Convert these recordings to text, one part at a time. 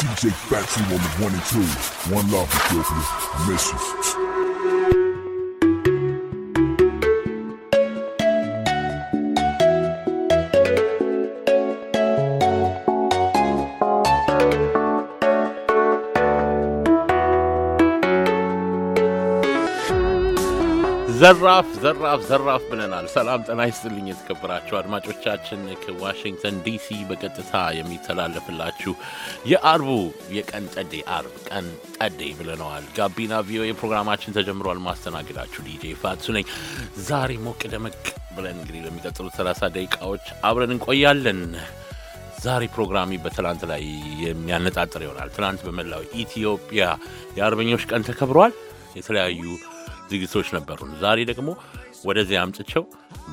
CJ, Battery on the one and two. One love, Ethiopia. I miss you. ዘራፍ ዘራፍ ዘራፍ ብለናል። ሰላም ጤና ይስጥልኝ የተከበራችሁ አድማጮቻችን ከዋሽንግተን ዲሲ በቀጥታ የሚተላለፍላችሁ የአርቡ የቀን ጠዴ አርብ ቀን ጠዴ ብለነዋል። ጋቢና ቪኦኤ ፕሮግራማችን ተጀምሯል። ማስተናግዳችሁ ዲጄ ፋቱ ነኝ። ዛሬ ሞቅ ደመቅ ብለን እንግዲህ ለሚቀጥሉት 30 ደቂቃዎች አብረን እንቆያለን። ዛሬ ፕሮግራሚ በትላንት ላይ የሚያነጣጥር ይሆናል። ትናንት በመላው ኢትዮጵያ የአርበኞች ቀን ተከብሯል። የተለያዩ ዝግጅቶች ነበሩን። ዛሬ ደግሞ ወደዚህ አምጥቸው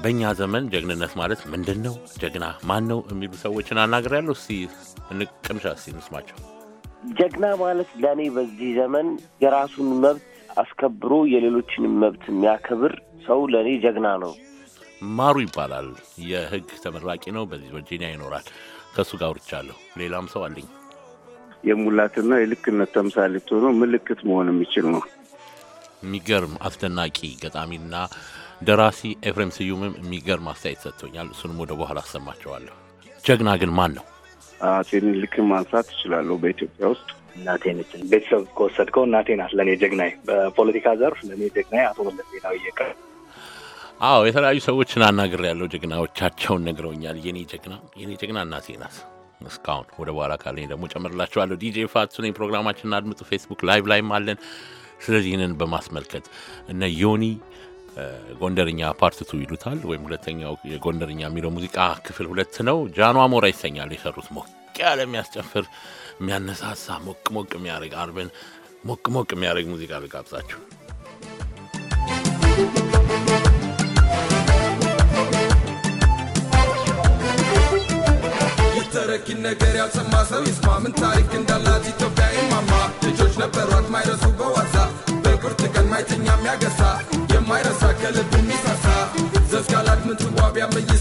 በእኛ ዘመን ጀግንነት ማለት ምንድን ነው፣ ጀግና ማን ነው የሚሉ ሰዎችን አናግሬያለሁ። እስቲ እንቅምሻ እስቲ እንስማቸው። ጀግና ማለት ለእኔ በዚህ ዘመን የራሱን መብት አስከብሮ የሌሎችን መብት የሚያከብር ሰው ለእኔ ጀግና ነው። ማሩ ይባላል። የህግ ተመራቂ ነው። በዚህ ቨርጂኒያ ይኖራል። ከእሱ ጋር አውርቻለሁ። ሌላም ሰው አለኝ። የሙላትና የልክነት ተምሳሌት ሆኖ ምልክት መሆን የሚችል ነው። የሚገርም አስደናቂ ገጣሚና ደራሲ ኤፍሬም ስዩምም የሚገርም አስተያየት ሰጥቶኛል። እሱንም ወደ በኋላ አሰማቸዋለሁ። ጀግና ግን ማን ነው? አጼ ምኒልክን ማንሳት እችላለሁ። በኢትዮጵያ ውስጥ እናቴ ነች። ቤተሰብ ከወሰድከው እናቴ ናት ለእኔ ጀግናይ። በፖለቲካ ዘርፍ ለእኔ ጀግናይ አቶ መለስ ዜናዊ እየቀር አዎ የተለያዩ ሰዎችን አናግር ያለው ጀግናዎቻቸውን ነግረውኛል። የኔ ጀግና የኔ ጀግና እናቴ ናት። እስካሁን ወደ በኋላ ካለኝ ደግሞ ጨምርላቸዋለሁ። ዲጄ ፋቱ ነኝ። ፕሮግራማችንን አድምጡ። ፌስቡክ ላይቭ ላይም አለን። ስለዚህ ይህንን በማስመልከት እነ ዮኒ ጎንደርኛ ፓርትቱ ይሉታል ወይም ሁለተኛው የጎንደርኛ የሚለው ሙዚቃ ክፍል ሁለት ነው። ጃኗ ሞራ ይሰኛል የሰሩት ሞቅ ያለ የሚያስጨፍር የሚያነሳሳ ሞቅ ሞቅ የሚያደርግ አርብን ሞቅ ሞቅ የሚያደርግ ሙዚቃ ልጋብዛችሁ። ይተረኪን ነገር ያልሰማ ሰው ይስማምን ታሪክ እንዳላት ኢትዮጵያ ይማማ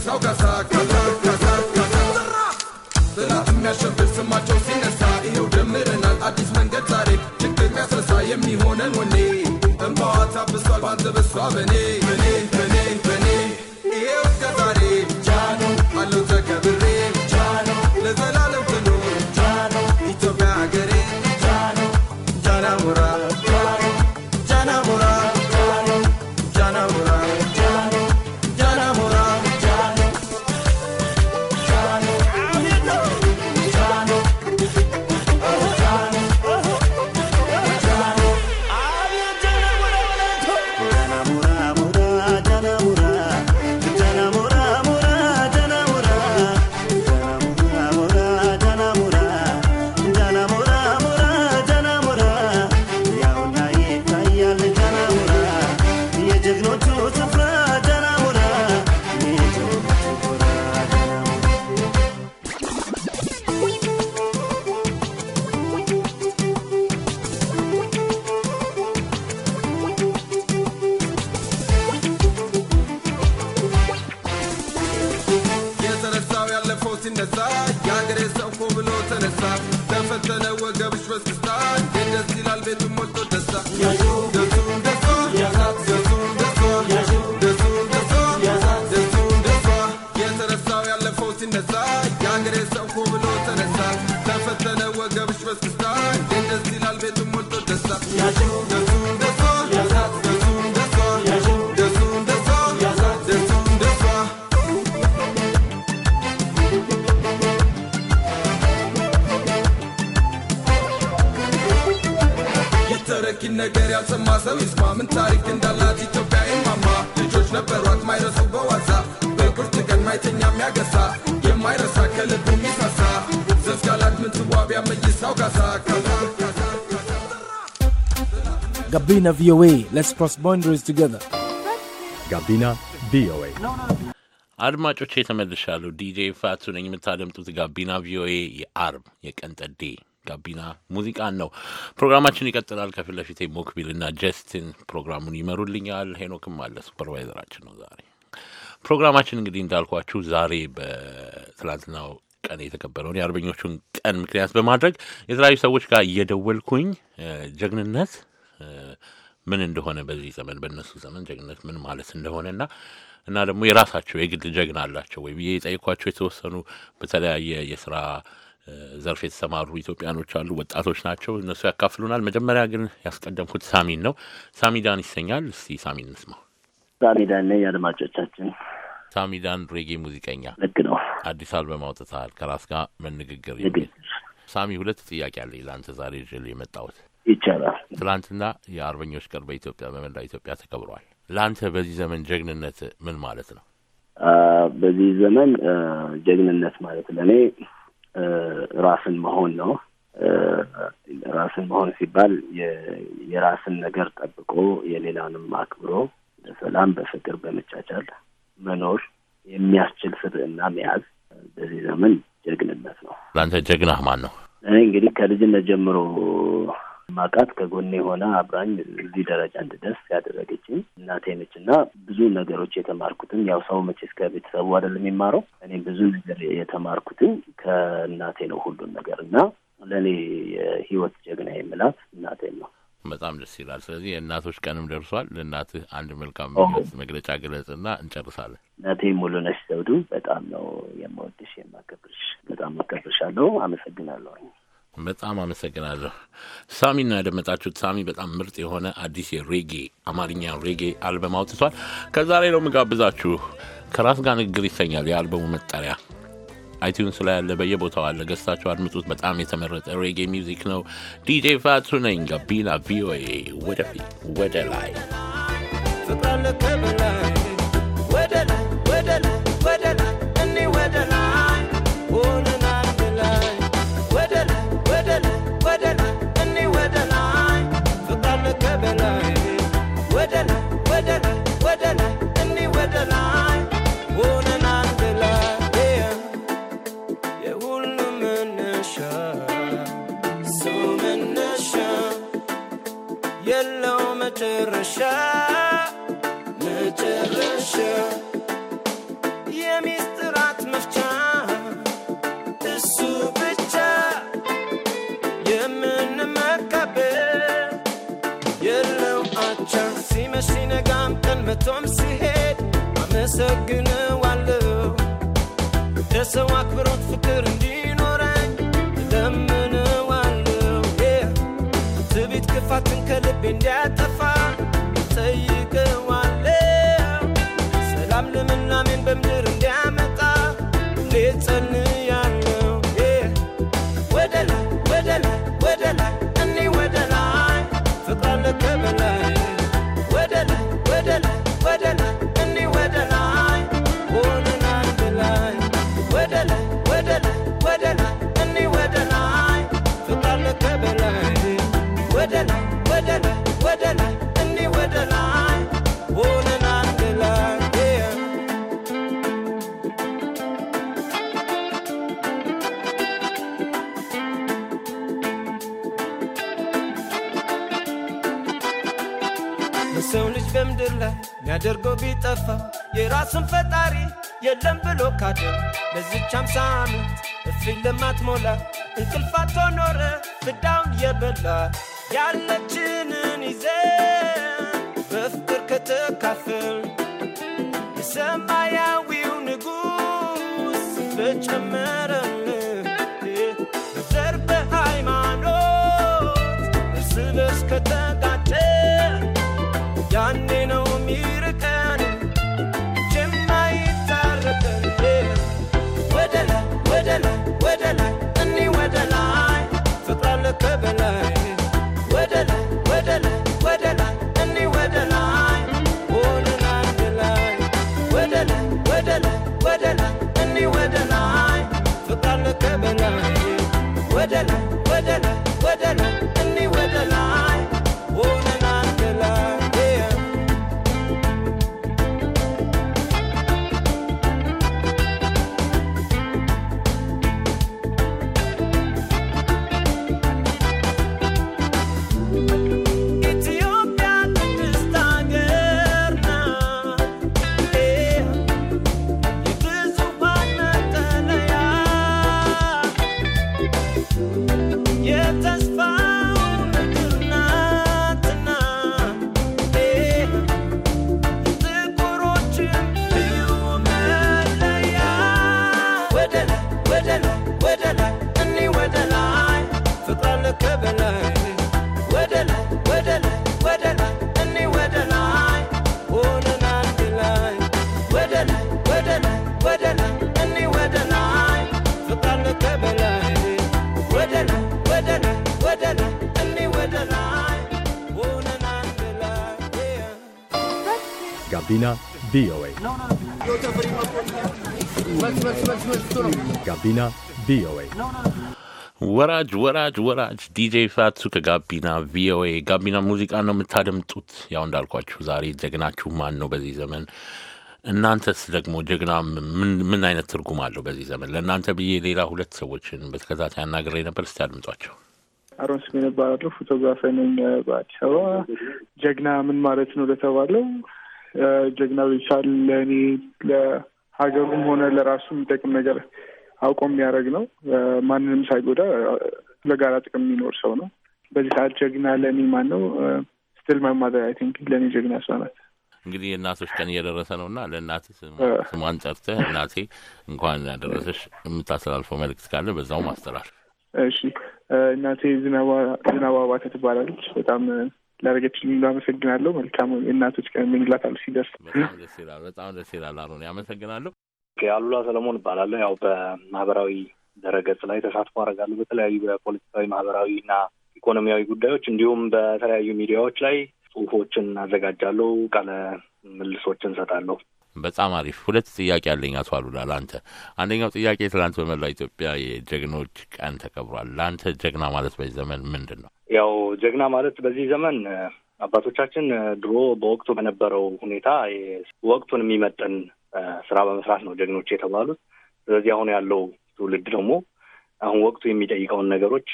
ሲነሳው ጋዛ ጋዛ ጋዛ ጋዛ ጥላት የሚያሸብር ስማቸው ሲነሳ ይኸው ደምረናል አዲስ መንገድ ዛሬ ችግር ሚያስረሳ የሚሆነን ወኔ እንባዋ ታብሷል ባንተ በሷ በኔ ነገር ያልሰማ ሰው ይስማ። ምን ታሪክ እንዳላት ኢትዮጵያ የማማ ልጆች ነበሯት ማይረሱ በዋዛ በቁርጥ ቀን ማይተኛ የሚያገሳ የማይረሳ ከልብ የሚሳሳ ዘስጋላት ምን ትዋቢያ መይሳው ካሳ Gabina VOA. Let's cross boundaries together. Gabina VOA. አድማጮቼ ተመልሻለሁ። ዲጄ ፋቱ ነኝ። የምታደምጡት ጋቢና ቪኦኤ የአርብ የቀን ጠዴ ጋቢና ሙዚቃን ነው። ፕሮግራማችን ይቀጥላል። ከፊት ለፊቴ ሞክቢል እና ጀስቲን ፕሮግራሙን ይመሩልኛል። ሄኖክም አለ ሱፐርቫይዘራችን ነው ዛሬ። ፕሮግራማችን እንግዲህ እንዳልኳችሁ ዛሬ በትላንትናው ቀን የተከበረውን የአርበኞቹን ቀን ምክንያት በማድረግ የተለያዩ ሰዎች ጋር እየደወልኩኝ ጀግንነት ምን እንደሆነ በዚህ ዘመን በእነሱ ዘመን ጀግንነት ምን ማለት እንደሆነ እና እና ደግሞ የራሳቸው የግል ጀግና አላቸው ወይ ብዬ የጠየኳቸው የተወሰኑ በተለያየ የስራ ዘርፍ የተሰማሩ ኢትዮጵያኖች አሉ፣ ወጣቶች ናቸው። እነሱ ያካፍሉናል። መጀመሪያ ግን ያስቀደምኩት ሳሚን ነው። ሳሚዳን ይሰኛል። እስቲ ሳሚን እንስማው። ሳሚዳን ነኝ። አድማጮቻችን ሳሚዳን ሬጌ ሙዚቀኛ ልክ ነው። አዲስ አልበም አውጥተሃል ከራስ ጋር መንግግር ሳሚ፣ ሁለት ጥያቄ አለኝ ለአንተ ዛሬ ይዤልህ የመጣሁት ይቻላል። ትናንትና የአርበኞች ቀን በኢትዮጵያ በመላ ኢትዮጵያ ተከብሯል። ለአንተ በዚህ ዘመን ጀግንነት ምን ማለት ነው? በዚህ ዘመን ጀግንነት ማለት ለእኔ ራስን መሆን ነው። ራስን መሆን ሲባል የራስን ነገር ጠብቆ የሌላንም አክብሮ በሰላም በፍቅር በመቻቻል መኖር የሚያስችል ስብዕና መያዝ በዚህ ዘመን ጀግንነት ነው። ለአንተ ጀግናህ ማን ነው? እኔ እንግዲህ ከልጅነት ጀምሮ ማቃት ከጎኔ የሆነ አብራኝ እዚህ ደረጃ እንድደርስ ያደረገችኝ እናቴ ነች እና ብዙ ነገሮች የተማርኩትን ያው ሰው እስከ ቤተሰቡ አይደለም የሚማረው። እኔ ብዙ ነገር የተማርኩትን ከእናቴ ነው ሁሉን ነገር እና ለእኔ የህይወት ጀግና የምላት እናቴ ነው። በጣም ደስ ይላል። ስለዚህ የእናቶች ቀንም ደርሷል። ለእናትህ አንድ መልካም መግለጫ እና እንጨርሳለን። እናቴ ሙሉነሽ ዘውዱ፣ በጣም ነው የምወድሽ፣ የማከብርሽ። በጣም አከብርሻለሁ። አመሰግናለሁ። በጣም አመሰግናለሁ ሳሚና ያደመጣችሁት። ሳሚ በጣም ምርጥ የሆነ አዲስ የሬጌ አማርኛ ሬጌ አልበም አውጥቷል። ከዛሬ ነው የምጋብዛችሁ። ከራስ ጋር ንግግር ይሰኛል የአልበሙ መጠሪያ። አይቲዩንስ ላይ ያለ በየቦታው አለ። ገዝታችሁ አድምጡት። በጣም የተመረጠ ሬጌ ሚውዚክ ነው። ዲጄ ፋቱ ነኝ። ጋቢና ቪኦኤ ወደፊት ወደ ላይ የለም ብሎ ካደ ለዚች ሃምሳ ዓመት ልማት ሞላ እንቅልፋቶ ኖረ ፍዳውን የበላ ያለችንን ይዘ በፍቅር ከተካፍል ቪኦኤ ወራጅ ወራጅ ወራጅ ዲጄ ፋቱ ከጋቢና ቪኦኤ ጋቢና ሙዚቃ ነው የምታደምጡት። ያው እንዳልኳችሁ ዛሬ ጀግናችሁ ማን ነው በዚህ ዘመን? እናንተስ ደግሞ ጀግና ምን አይነት ትርጉም አለው በዚህ ዘመን? ለእናንተ ብዬ ሌላ ሁለት ሰዎችን በተከታታይ አናግሬ ነበር። እስቲ አድምጧቸው። አሮን ስሜ እባላለሁ። ፎቶግራፈር ነኝ በአዲስ አበባ። ጀግና ምን ማለት ነው ለተባለው ጀግና ብቻ ለእኔ ለሀገሩም ሆነ ለራሱ የሚጠቅም ነገር አውቆ የሚያደርግ ነው። ማንንም ሳይጎዳ ለጋራ ጥቅም የሚኖር ሰው ነው። በዚህ ሰዓት ጀግና ለእኔ ማን ነው? ስትል ማይ ማዘር አይ ቲንክ ለእኔ ጀግና እሷ ናት። እንግዲህ የእናቶች ቀን እየደረሰ ነው እና ለእናት ስሟን ጠርተህ እናቴ እንኳን ያደረሰሽ የምታስተላልፈው መልእክት ካለ በዛው ማስተላልፍ። እሺ እናቴ ዝናባ አባተ ትባላለች። በጣም ላደረገች አመሰግናለሁ። መልካም የእናቶች ቀን ምንላታል ሲደርስ። በጣም ደስ ይላል። በጣም ደስ ይላል። አሮን አመሰግናለሁ። አሉላ ሰለሞን እባላለሁ። ያው በማህበራዊ ደረገጽ ላይ ተሳትፎ አደርጋለሁ። በተለያዩ በፖለቲካዊ ማህበራዊ እና ኢኮኖሚያዊ ጉዳዮች እንዲሁም በተለያዩ ሚዲያዎች ላይ ጽሁፎችን አዘጋጃለሁ፣ ቃለ ምልሶችን እሰጣለሁ። በጣም አሪፍ። ሁለት ጥያቄ አለኝ አቶ አሉላ ለአንተ። አንደኛው ጥያቄ ትናንት በመላው ኢትዮጵያ የጀግኖች ቀን ተከብሯል። ለአንተ ጀግና ማለት በዚህ ዘመን ምንድን ነው? ያው ጀግና ማለት በዚህ ዘመን አባቶቻችን ድሮ በወቅቱ በነበረው ሁኔታ ወቅቱን የሚመጥን ስራ በመስራት ነው ጀግኖች የተባሉት። ስለዚህ አሁን ያለው ትውልድ ደግሞ አሁን ወቅቱ የሚጠይቀውን ነገሮች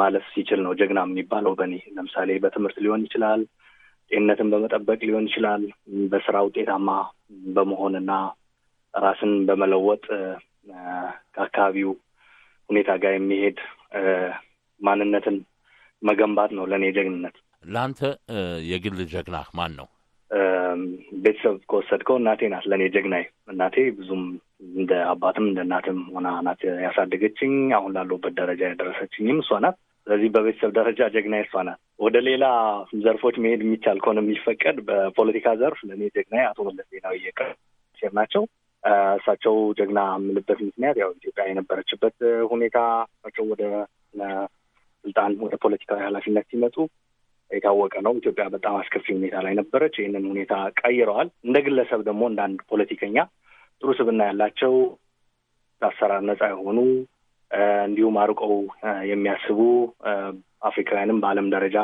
ማለፍ ሲችል ነው ጀግና የሚባለው። በእኔ ለምሳሌ በትምህርት ሊሆን ይችላል፣ ጤንነትን በመጠበቅ ሊሆን ይችላል፣ በስራ ውጤታማ በመሆንና ራስን በመለወጥ ከአካባቢው ሁኔታ ጋር የሚሄድ ማንነትን መገንባት ነው ለእኔ ጀግንነት። ለአንተ የግል ጀግናህ ማን ነው? ቤተሰብ ከወሰድከው እናቴ ናት ለእኔ ጀግናይ። እናቴ ብዙም እንደ አባትም እንደ እናትም ሆና ናት ያሳደገችኝ። አሁን ላለሁበት ደረጃ ያደረሰችኝም እሷ ናት። ስለዚህ በቤተሰብ ደረጃ ጀግናይ እሷ ናት። ወደ ሌላ ዘርፎች መሄድ የሚቻል ከሆነ የሚፈቀድ በፖለቲካ ዘርፍ ለእኔ ጀግናይ አቶ መለስ ዜናዊ የቀር ናቸው። እሳቸው ጀግና የምልበት ምክንያት ያው ኢትዮጵያ የነበረችበት ሁኔታ እሳቸው ወደ ስልጣን ወደ ፖለቲካዊ ኃላፊነት ሲመጡ የታወቀ ነው። ኢትዮጵያ በጣም አስከፊ ሁኔታ ላይ ነበረች። ይህንን ሁኔታ ቀይረዋል። እንደ ግለሰብ ደግሞ እንደ አንድ ፖለቲከኛ ጥሩ ስብና ያላቸው አሰራር ነጻ የሆኑ እንዲሁም አርቀው የሚያስቡ አፍሪካውያንም በዓለም ደረጃ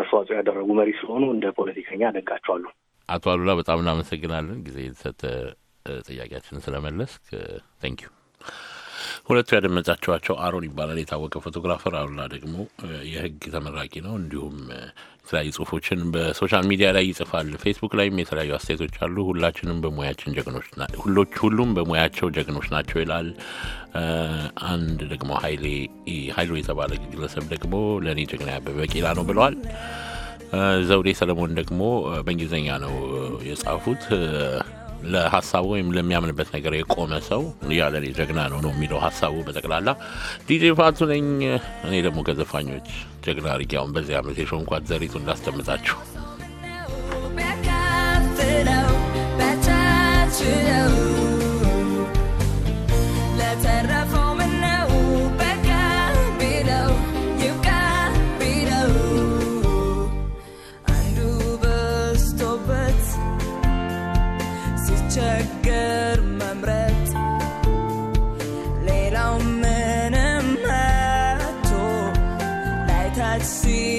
አስተዋጽኦ ያደረጉ መሪ ስለሆኑ እንደ ፖለቲከኛ አደንቃቸዋለሁ። አቶ አሉላ በጣም እናመሰግናለን ጊዜ የተሰጠ ጥያቄያችንን ስለመለስክ። ታንኪዩ ሁለቱ ያደመጣችኋቸው አሮን ይባላል የታወቀ ፎቶግራፈር፣ አሉላ ደግሞ የህግ ተመራቂ ነው። እንዲሁም የተለያዩ ጽሁፎችን በሶሻል ሚዲያ ላይ ይጽፋል። ፌስቡክ ላይም የተለያዩ አስተያየቶች አሉ። ሁላችንም በሙያችን ጀግኖች ሁሎች ሁሉም በሙያቸው ጀግኖች ናቸው ይላል። አንድ ደግሞ ሀይሎ የተባለ ግለሰብ ደግሞ ለእኔ ጀግና ያበበ ቂላ ነው ብለዋል። ዘውዴ ሰለሞን ደግሞ በእንግሊዝኛ ነው የጻፉት። ለሀሳቡ ወይም ለሚያምንበት ነገር የቆመ ሰው ያለኔ ጀግና ነው ነው የሚለው ሀሳቡ በጠቅላላ። ዲጄ ፋቱ ነኝ። እኔ ደግሞ ከዘፋኞች ጀግና ርጊያውን በዚህ ዓመት የሾንኳት ዘሪቱ እንዳስደምጣችሁ see.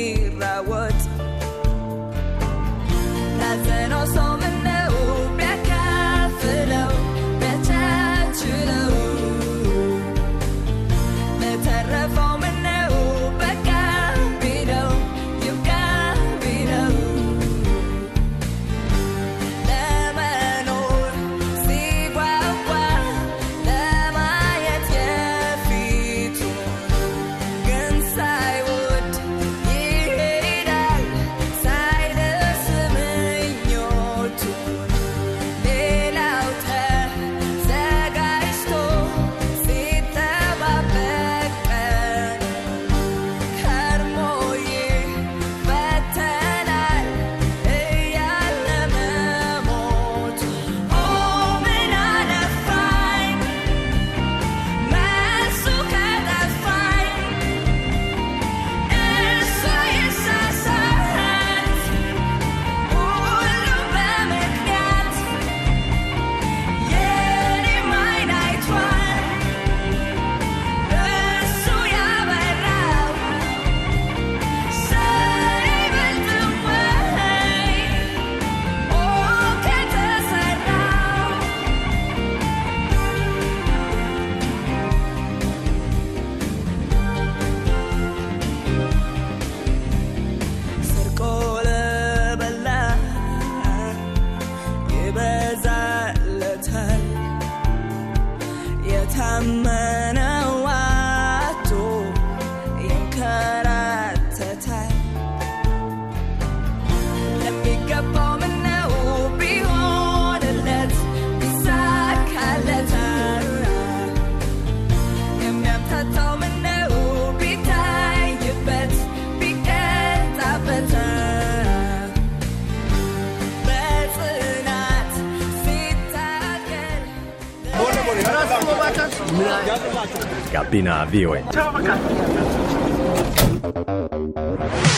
ጋቢና ቪኦኤ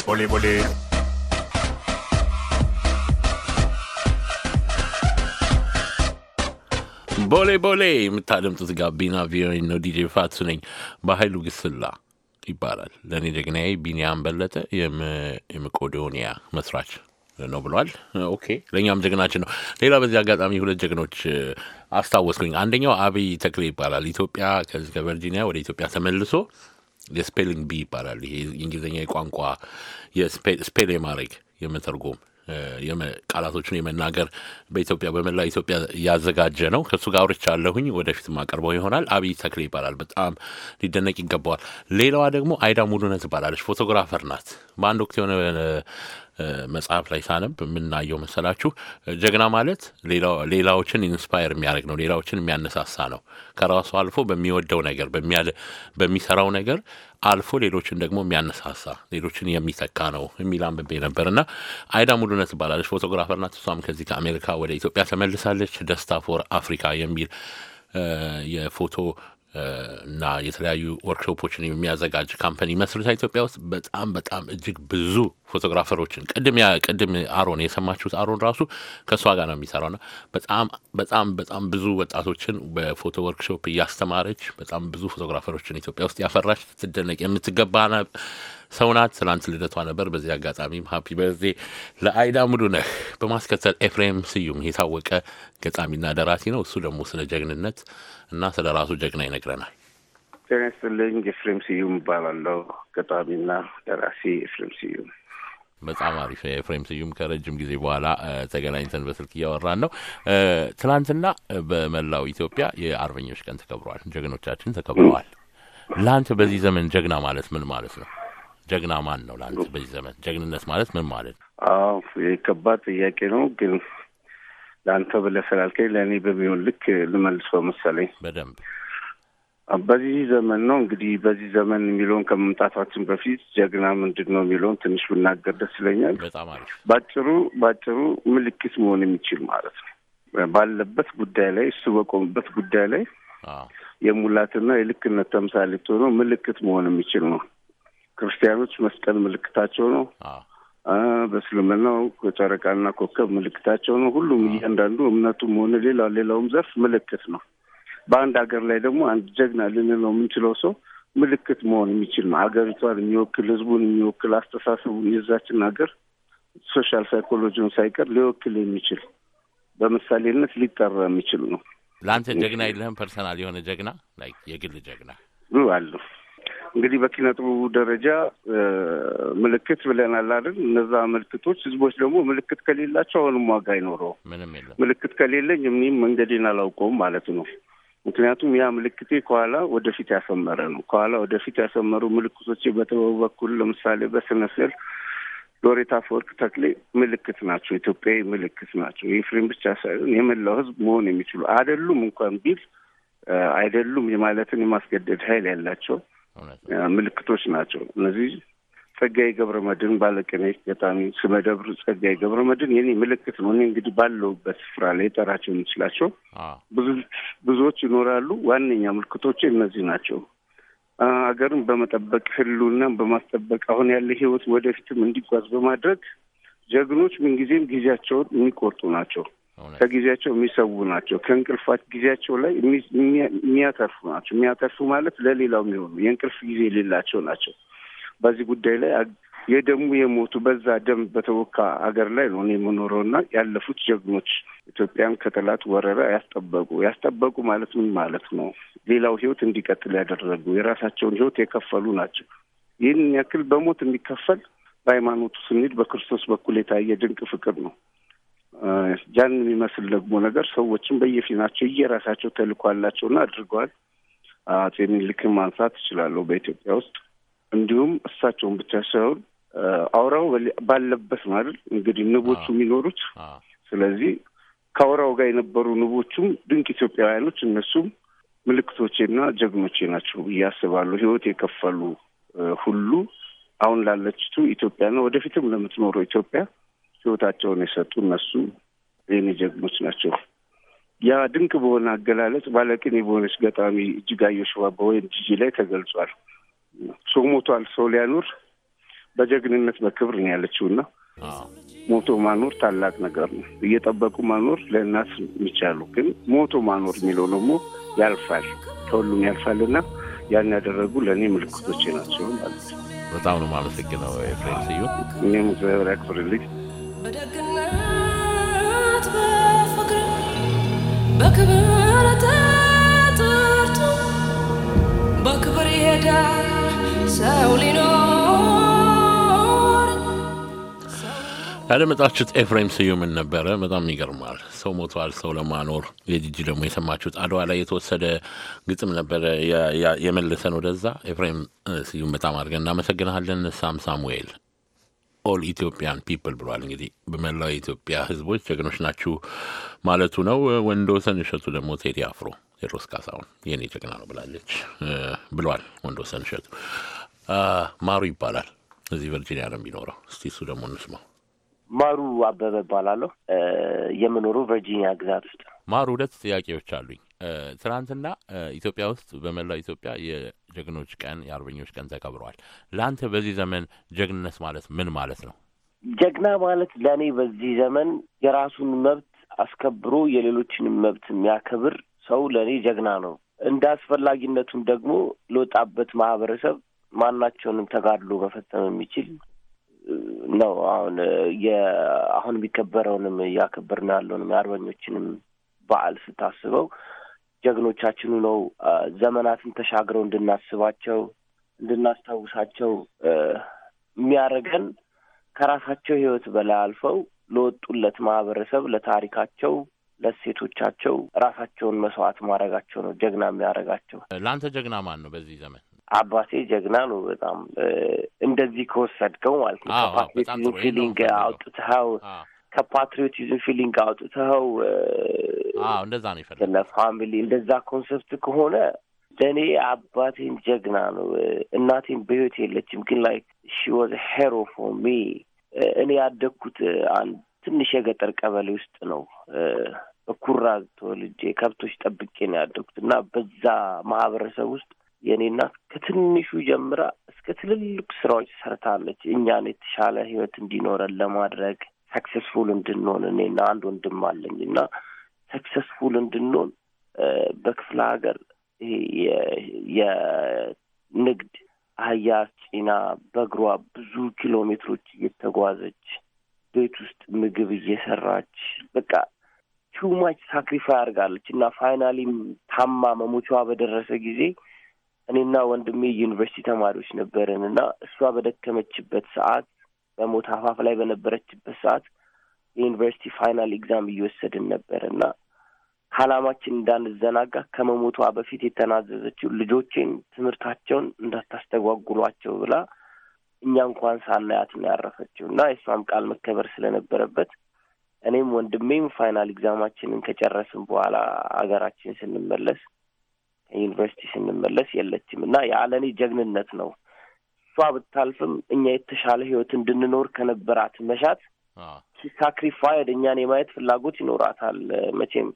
ቦሌ ቦሌ ቦሌ ቦሌ የምታደምጡት ጋቢና ቪኦኤ ነው። ዲጄ ፋቱ ነኝ። በኃይሉ ግስላ ይባላል። ለእኔ ደግናዬ ቢኒያም በለጠ የመቄዶንያ መስራች ነው ብሏል። ኦኬ፣ ለእኛም ጀግናችን ነው። ሌላ በዚህ አጋጣሚ ሁለት ጀግኖች አስታወስኩኝ። አንደኛው አብይ ተክሌ ይባላል። ኢትዮጵያ ከዚህ ከቨርጂኒያ ወደ ኢትዮጵያ ተመልሶ የስፔሊንግ ቢ ይባላል። ይሄ የእንግሊዝኛ የቋንቋ ስፔል የማድረግ የመተርጎም ቃላቶችን የመናገር በኢትዮጵያ በመላ ኢትዮጵያ እያዘጋጀ ነው። ከእሱ ጋር አለሁኝ። ወደፊት ማቀርበው ይሆናል። አብይ ተክሌ ይባላል። በጣም ሊደነቅ ይገባዋል። ሌላዋ ደግሞ አይዳ ሙሉነት ይባላለች። ፎቶግራፈር ናት። በአንድ ወቅት የሆነ መጽሐፍ ላይ ሳነብ የምናየው መሰላችሁ ጀግና ማለት ሌላዎችን ኢንስፓየር የሚያደርግ ነው፣ ሌላዎችን የሚያነሳሳ ነው። ከራሱ አልፎ በሚወደው ነገር በሚሰራው ነገር አልፎ ሌሎችን ደግሞ የሚያነሳሳ ሌሎችን የሚተካ ነው የሚል አንብቤ ነበር እና አይዳ ሙሉነት ትባላለች ፎቶግራፈር ናት። እሷም ከዚህ ከአሜሪካ ወደ ኢትዮጵያ ተመልሳለች። ደስታ ፎር አፍሪካ የሚል የፎቶ እና የተለያዩ ወርክሾፖችን የሚያዘጋጅ ካምፓኒ መስርታ ኢትዮጵያ ውስጥ በጣም በጣም እጅግ ብዙ ፎቶግራፈሮችን ቅድም ቅድም አሮን የሰማችሁት አሮን ራሱ ከእሷ ጋር ነው የሚሰራውና በጣም በጣም በጣም ብዙ ወጣቶችን በፎቶ ወርክሾፕ እያስተማረች በጣም ብዙ ፎቶግራፈሮችን ኢትዮጵያ ውስጥ ያፈራች ትደነቅ የምትገባ ሰው ናት። ትናንት ልደቷ ነበር። በዚህ አጋጣሚም ሀፒ በርዜ ለአይዳ ሙሉ ነህ። በማስከተል ኤፍሬም ስዩም የታወቀ ገጣሚና ደራሲ ነው። እሱ ደግሞ ስለ ጀግንነት እና ስለ ራሱ ጀግና ይነግረናል። ጤና ይስጥልኝ። ኤፍሬም ስዩም እባላለሁ። ገጣሚና ደራሲ ኤፍሬም ስዩም። በጣም አሪፍ ኤፍሬም ስዩም ከረጅም ጊዜ በኋላ ተገናኝተን በስልክ እያወራን ነው። ትናንትና በመላው ኢትዮጵያ የአርበኞች ቀን ተከብረዋል። ጀግኖቻችን ተከብረዋል። ለአንተ በዚህ ዘመን ጀግና ማለት ምን ማለት ነው? ጀግና ማን ነው ለአንተ በዚህ ዘመን? ጀግንነት ማለት ምን ማለት ነው? አዎ ከባድ ጥያቄ ነው ግን ለአንተ ብለህ ስላልከኝ ለእኔ በሚሆን ልክ ልመልሰው መሰለኝ። በደንብ በዚህ ዘመን ነው እንግዲህ በዚህ ዘመን የሚለውን ከመምጣታችን በፊት ጀግና ምንድን ነው የሚለውን ትንሽ ብናገር ደስ ይለኛል። በጣም አሪፍ። ባጭሩ ባጭሩ ምልክት መሆን የሚችል ማለት ነው። ባለበት ጉዳይ ላይ እሱ በቆምበት ጉዳይ ላይ የሙላትና የልክነት ተምሳሌት ሆኖ ምልክት መሆን የሚችል ነው። ክርስቲያኖች መስቀል ምልክታቸው ነው። በእስልምናው ጨረቃና ኮከብ ምልክታቸው ነው። ሁሉም እያንዳንዱ እምነቱም ሆነ ሌላ ሌላውም ዘርፍ ምልክት ነው። በአንድ ሀገር ላይ ደግሞ አንድ ጀግና ልንለው የምንችለው ሰው ምልክት መሆን የሚችል ነው። ሀገሪቷን የሚወክል ህዝቡን የሚወክል አስተሳሰቡን የዛችን ሀገር ሶሻል ሳይኮሎጂውን ሳይቀር ሊወክል የሚችል በምሳሌነት ሊጠራ የሚችል ነው። ለአንተ ጀግና የለህም? ፐርሰናል የሆነ ጀግና ላይ የግል ጀግና አለሁ እንግዲህ በኪነ ጥበቡ ደረጃ ምልክት ብለናል አይደል? እነዛ ምልክቶች ህዝቦች ደግሞ ምልክት ከሌላቸው አሁንም ዋጋ አይኖረውም። ምንም የለም። ምልክት ከሌለኝ እኔም መንገዴን አላውቀውም ማለት ነው። ምክንያቱም ያ ምልክቴ ከኋላ ወደፊት ያሰመረ ነው። ከኋላ ወደፊት ያሰመሩ ምልክቶች በጥበቡ በኩል ለምሳሌ በስነ ስዕል ሎሬት አፈወርቅ ተክሌ ምልክት ናቸው። ኢትዮጵያዊ ምልክት ናቸው። የፍሬም ብቻ ሳይሆን የመላው ህዝብ መሆን የሚችሉ አይደሉም እንኳን ቢል አይደሉም የማለትን የማስገደድ ኃይል ያላቸው ምልክቶች ናቸው እነዚህ። ጸጋዬ ገብረ መድን ባለቅኔ ገጣሚ ስመደብር ጸጋዬ ገብረ መድን የኔ ምልክት ነው። እኔ እንግዲህ ባለውበት ስፍራ ላይ ጠራቸው የምችላቸው ብዙዎች ይኖራሉ። ዋነኛ ምልክቶች እነዚህ ናቸው። ሀገርን በመጠበቅ ሕልውና በማስጠበቅ አሁን ያለ ህይወት ወደፊትም እንዲጓዝ በማድረግ ጀግኖች ምንጊዜም ጊዜያቸውን የሚቆርጡ ናቸው። ከጊዜያቸው የሚሰዉ ናቸው። ከእንቅልፋት ጊዜያቸው ላይ የሚያተርፉ ናቸው። የሚያተርፉ ማለት ለሌላው የሚሆኑ የእንቅልፍ ጊዜ የሌላቸው ናቸው። በዚህ ጉዳይ ላይ የደሙ የሞቱ በዛ ደም በተወካ ሀገር ላይ ነው የምኖረው የምኖረውና ያለፉት ጀግኖች ኢትዮጵያን ከጠላት ወረራ ያስጠበቁ ያስጠበቁ ማለት ምን ማለት ነው? ሌላው ህይወት እንዲቀጥል ያደረጉ የራሳቸውን ህይወት የከፈሉ ናቸው። ይህን ያክል በሞት የሚከፈል በሃይማኖቱ ስንሄድ በክርስቶስ በኩል የታየ ድንቅ ፍቅር ነው። ያን የሚመስል ደግሞ ነገር ሰዎችም በየፊናቸው እየራሳቸው ተልኮ አላቸውና አድርገዋል። አጼ ምኒልክን ማንሳት ይችላለሁ በኢትዮጵያ ውስጥ እንዲሁም እሳቸውን ብቻ ሳይሆን አውራው ባለበት ማለት እንግዲህ ንቦቹ የሚኖሩት ስለዚህ ከአውራው ጋር የነበሩ ንቦቹም ድንቅ ኢትዮጵያውያኖች እነሱም ምልክቶቼና ጀግኖቼ ናቸው ብዬ አስባለሁ። የከፈሉ ሁሉ አሁን ላለችቱ ኢትዮጵያና ወደፊትም ለምትኖረው ኢትዮጵያ ህይወታቸውን የሰጡ እነሱ የኔ ጀግኖች ናቸው። ያ ድንቅ በሆነ አገላለጽ ባለቅኔ በሆነች ገጣሚ እጅጋየሁ ሽባባው ወይም ጂጂ ላይ ተገልጿል። ሰው ሞቷል፣ ሰው ሊያኖር በጀግንነት በክብር ነው ያለችው እና ሞቶ ማኖር ታላቅ ነገር ነው። እየጠበቁ ማኖር ለእናት የሚቻሉ ግን ሞቶ ማኖር የሚለው ደግሞ ያልፋል፣ ከሁሉም ያልፋል ያልፋልና ያን ያደረጉ ለእኔ ምልክቶቼ ናቸው ማለት ነው። በጣም ነው የማመሰግነው ኤፍሬም ስዩም። እኔም እግዚአብሔር ያክብርልኝ። በደግነት በፍቅር በክብር ተጠርቶ በክብር ይሄዳል ሰው ሊኖር። ያደመጣችሁት ኤፍሬም ስዩምን ነበረ። በጣም ይገርማል። ሰው ሞቷል ሰው ለማኖር የጂጂ ደግሞ የሰማችሁት አድዋ ላይ የተወሰደ ግጥም ነበረ የመለሰን ወደዛ። ኤፍሬም ስዩም በጣም አድርገን እናመሰግናለን። ሳም ሳሙኤል ኦል ኢትዮጵያን ፒፕል ብሏል እንግዲህ በመላው የኢትዮጵያ ህዝቦች ጀግኖች ናችሁ ማለቱ ነው። ወንዶሰን እሸቱ ደግሞ ቴዲ አፍሮ ቴድሮስ ካሳሁን የኔ ጀግና ነው ብላለች ብለዋል። ወንዶሰን እሸቱ ማሩ ይባላል። እዚህ ቨርጂኒያ ነው የሚኖረው። እስቲ እሱ ደግሞ እንስማው። ማሩ አበበ እባላለሁ። የምኖረው ቨርጂኒያ ግዛት ውስጥ። ማሩ ሁለት ጥያቄዎች አሉኝ። ትናንትና ኢትዮጵያ ውስጥ በመላው ኢትዮጵያ የጀግኖች ቀን የአርበኞች ቀን ተከብረዋል። ለአንተ በዚህ ዘመን ጀግንነት ማለት ምን ማለት ነው? ጀግና ማለት ለእኔ በዚህ ዘመን የራሱን መብት አስከብሮ የሌሎችንም መብት የሚያከብር ሰው ለእኔ ጀግና ነው። እንደ አስፈላጊነቱም ደግሞ ለወጣበት ማህበረሰብ ማናቸውንም ተጋድሎ መፈጸም የሚችል ነው። አሁን የአሁን የሚከበረውንም እያከበርን ያለውንም የአርበኞችንም በዓል ስታስበው ጀግኖቻችን ነው ዘመናትን ተሻግረው እንድናስባቸው እንድናስታውሳቸው የሚያደርገን ከራሳቸው ህይወት በላይ አልፈው ለወጡለት ማህበረሰብ፣ ለታሪካቸው፣ ለእሴቶቻቸው ራሳቸውን መስዋዕት ማድረጋቸው ነው ጀግና የሚያደርጋቸው። ለአንተ ጀግና ማን ነው በዚህ ዘመን? አባቴ ጀግና ነው። በጣም እንደዚህ ከወሰድከው ማለት ነው ፓትሪቲዝም ፊሊንግ አውጥተኸው ከፓትሪዮቲዝም ፊሊንግ አውጥተኸው እንደዛ ነው ይፈል ለፋሚሊ እንደዛ ኮንሰፕት ከሆነ ለእኔ አባቴን ጀግና ነው። እናቴን በህይወት የለችም፣ ግን ላይ ሺ ወዝ ሄሮ ፎር ሚ። እኔ ያደግኩት አንድ ትንሽ የገጠር ቀበሌ ውስጥ ነው። እኩራ ተወልጄ ከብቶች ጠብቄ ነው ያደግኩት እና በዛ ማህበረሰብ ውስጥ የእኔ እናት ከትንሹ ጀምራ እስከ ትልልቅ ስራዎች ሰርታለች። እኛን የተሻለ ህይወት እንዲኖረን ለማድረግ ሰክሰስፉል እንድንሆን እኔና አንድ ወንድም አለኝ እና ሰክሰስፉል እንድንሆን በክፍለ ሀገር የንግድ አህያ ጭና በእግሯ ብዙ ኪሎ ሜትሮች እየተጓዘች ቤት ውስጥ ምግብ እየሰራች በቃ ቱማች ሳክሪፋይ አድርጋለች እና ፋይናሊም ታማ መሞቿ በደረሰ ጊዜ እኔና ወንድሜ ዩኒቨርሲቲ ተማሪዎች ነበርን እና እሷ በደከመችበት ሰዓት በሞት አፋፍ ላይ በነበረችበት ሰዓት የዩኒቨርሲቲ ፋይናል ኤግዛም እየወሰድን ነበር እና ከአላማችን እንዳንዘናጋ ከመሞቷ በፊት የተናዘዘችው ልጆቼን ትምህርታቸውን እንዳታስተጓጉሏቸው ብላ እኛ እንኳን ሳናያት ነው ያረፈችው እና የእሷም ቃል መከበር ስለነበረበት እኔም ወንድሜም ፋይናል ኤግዛማችንን ከጨረስን በኋላ ሀገራችን ስንመለስ ከዩኒቨርሲቲ ስንመለስ የለችም እና የአለኔ ጀግንነት ነው እሷ ብታልፍም እኛ የተሻለ ህይወት እንድንኖር ከነበራት መሻት ሳክሪፋይድ እኛን የማየት ፍላጎት ይኖራታል። መቼም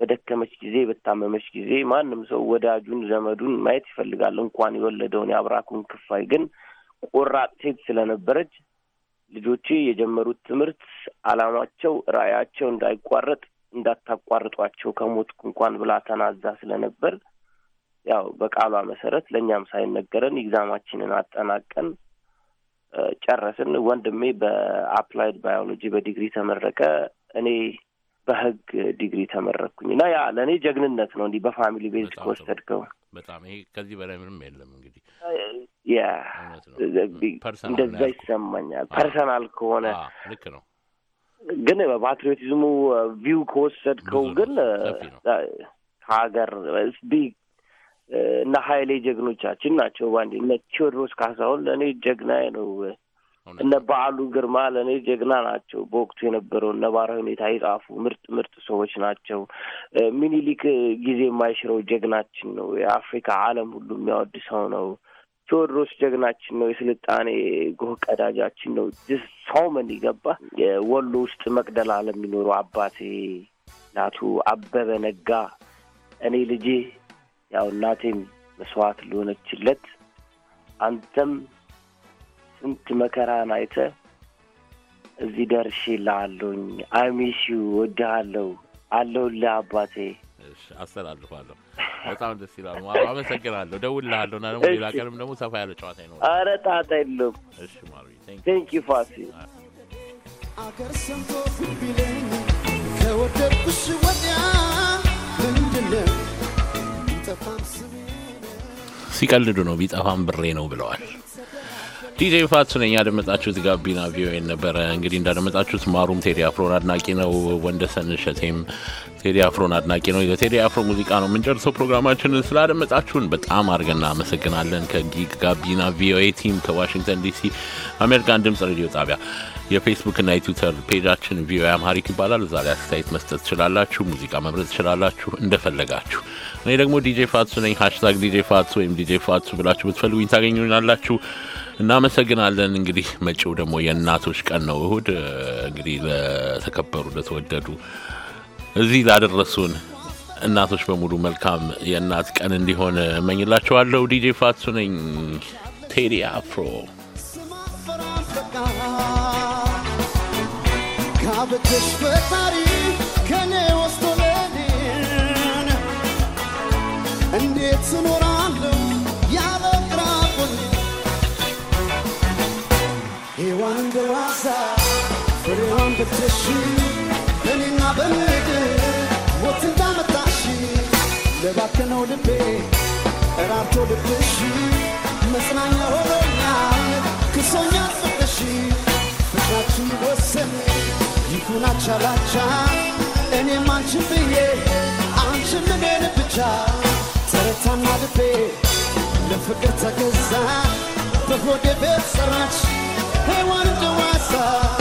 በደከመች ጊዜ በታመመች ጊዜ ማንም ሰው ወዳጁን ዘመዱን ማየት ይፈልጋል። እንኳን የወለደውን የአብራኩን ክፋይ ግን ቆራጥ ሴት ስለነበረች ልጆች የጀመሩት ትምህርት አላማቸው ራዕያቸው እንዳይቋረጥ እንዳታቋርጧቸው ከሞትኩ እንኳን ብላ ተናዛ ስለነበር ያው በቃሏ መሰረት ለእኛም ሳይነገረን ኤግዛማችንን አጠናቀን ጨረስን። ወንድሜ በአፕላይድ ባዮሎጂ በዲግሪ ተመረቀ። እኔ በህግ ዲግሪ ተመረኩኝ እና ያ ለእኔ ጀግንነት ነው። እንዲህ በፋሚሊ ቤዝ ከወሰድከው በጣም ይሄ ከዚህ በላይ ምንም የለም። እንግዲህ እንደዛ ይሰማኛል። ፐርሰናል ከሆነ ልክ ነው፣ ግን በፓትሪዮቲዝሙ ቪው ከወሰድከው ግን ሀገር ቢግ እና ሀይሌ ጀግኖቻችን ናቸው። ባንዴ እነ ቴዎድሮስ ካሳሁን ለእኔ ጀግናዬ ነው። እነ በዓሉ ግርማ ለእኔ ጀግና ናቸው። በወቅቱ የነበረው ነባራዊ ሁኔታ የጻፉ ምርጥ ምርጥ ሰዎች ናቸው። ሚኒሊክ ጊዜ የማይሽረው ጀግናችን ነው። የአፍሪካ ዓለም ሁሉ የሚያወድ ሰው ነው። ቴዎድሮስ ጀግናችን ነው። የስልጣኔ ጎህ ቀዳጃችን ነው። ሰውመን ይገባ ወሎ ውስጥ መቅደላ ለሚኖሩ አባቴ ናቱ አበበ ነጋ እኔ ልጄ ያው እናቴም መስዋዕት ለሆነችለት አንተም ስንት መከራን አይተ እዚህ ደርሼ ላለሁኝ አሚሲው ወድሃለሁ አለሁልህ አባቴ አስተላልፋለሁ። በጣም ደስ ይላል። አመሰግናለሁ። እደውልልሃለሁ እና ደግሞ ሌላ ቀንም ደግሞ ሰፋ ያለ ጨዋታ ይኖ ኧረ ጣጣ የለውም። እሺ ማሪ ቴንክ ዩ ፋሲ አገር ሰምቶ ቢለኝ ከወደድኩሽ ወዲያ ምንድነው ሲቀልዱ ነው ቢጠፋም ብሬ ነው ብለዋል። ዲጄ ፋቱ ነኝ። ያደመጣችሁት ጋቢና ቪኦኤ ነበረ። እንግዲህ እንዳደመጣችሁት ማሩም ቴዲ አፍሮን አድናቂ ነው፣ ወንደሰን እሸቴም ቴዲ አፍሮን አድናቂ ነው። ቴዲ አፍሮ ሙዚቃ ነው የምንጨርሰው ፕሮግራማችንን። ስላደመጣችሁን በጣም አድርገን እናመሰግናለን። ከጊግ ጋቢና ቪኦኤ ቲም ከዋሽንግተን ዲሲ አሜሪካን ድምፅ ሬዲዮ ጣቢያ የፌስቡክ እና የትዊተር ፔጃችን ቪኦኤ አምሃሪክ ይባላል። እዛ ላይ አስተያየት መስጠት ትችላላችሁ፣ ሙዚቃ መምረጥ ትችላላችሁ፣ እንደፈለጋችሁ። እኔ ደግሞ ዲጄ ፋቱ ነኝ። ሀሽታግ ዲጄ ፋቱ ወይም ዲጄ ፋቱ ብላችሁ ብትፈልጉኝ ታገኙናላችሁ። እናመሰግናለን። እንግዲህ መጪው ደግሞ የእናቶች ቀን ነው እሁድ። እንግዲህ ለተከበሩ ለተወደዱ እዚህ ላደረሱን እናቶች በሙሉ መልካም የእናት ቀን እንዲሆን እመኝላቸዋለሁ። ዲጄ ፋትሱ ነኝ። ቴዲ አፍሮ ካብትሽ ከኔ ወስዶ ለኔን እንዴት ስኖራ ሔዋን በዋዛ ፍሬዋን በትረሽ በእኔና በምድር ሞት ልቤ እራርቶ ልብሽ መጽናኛ ሆኖኛል ክሶኛ ጽድሽ ፍቅራችን ወሰን ለፍቅር ተገዛ በሆዴ Hey, do what's up?